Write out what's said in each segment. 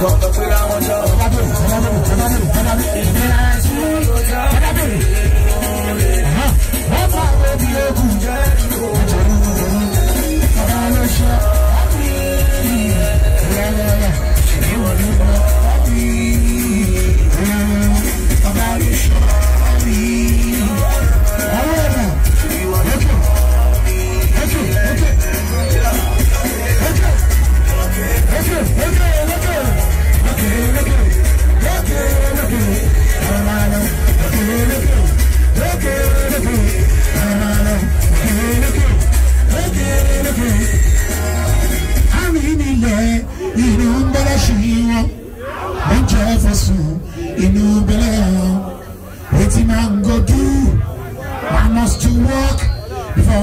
Go. fọ́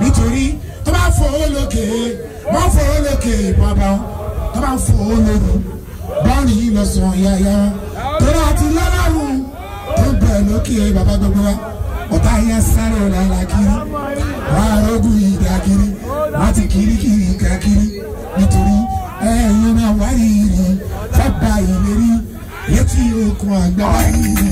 nítorí tó bá fọwọ́ lókè bá fọwọ́ lókè bàbá tó bá fọwọ́ lóru bọ́ọ̀lù yìí lọ sàn yáyá torí àti lọ́lọ́run tó bẹ̀rẹ̀ lókè bàbá gbogbo wa ọ̀tá yẹn sáré ọ̀la la kiri wà á rọ́gùn yìí kiri wà á ti kiri kiri ká kiri nítorí ẹ̀yin náà wáyé yìí fẹ́ bá ìlérí létí okùn àgbáyé yìí.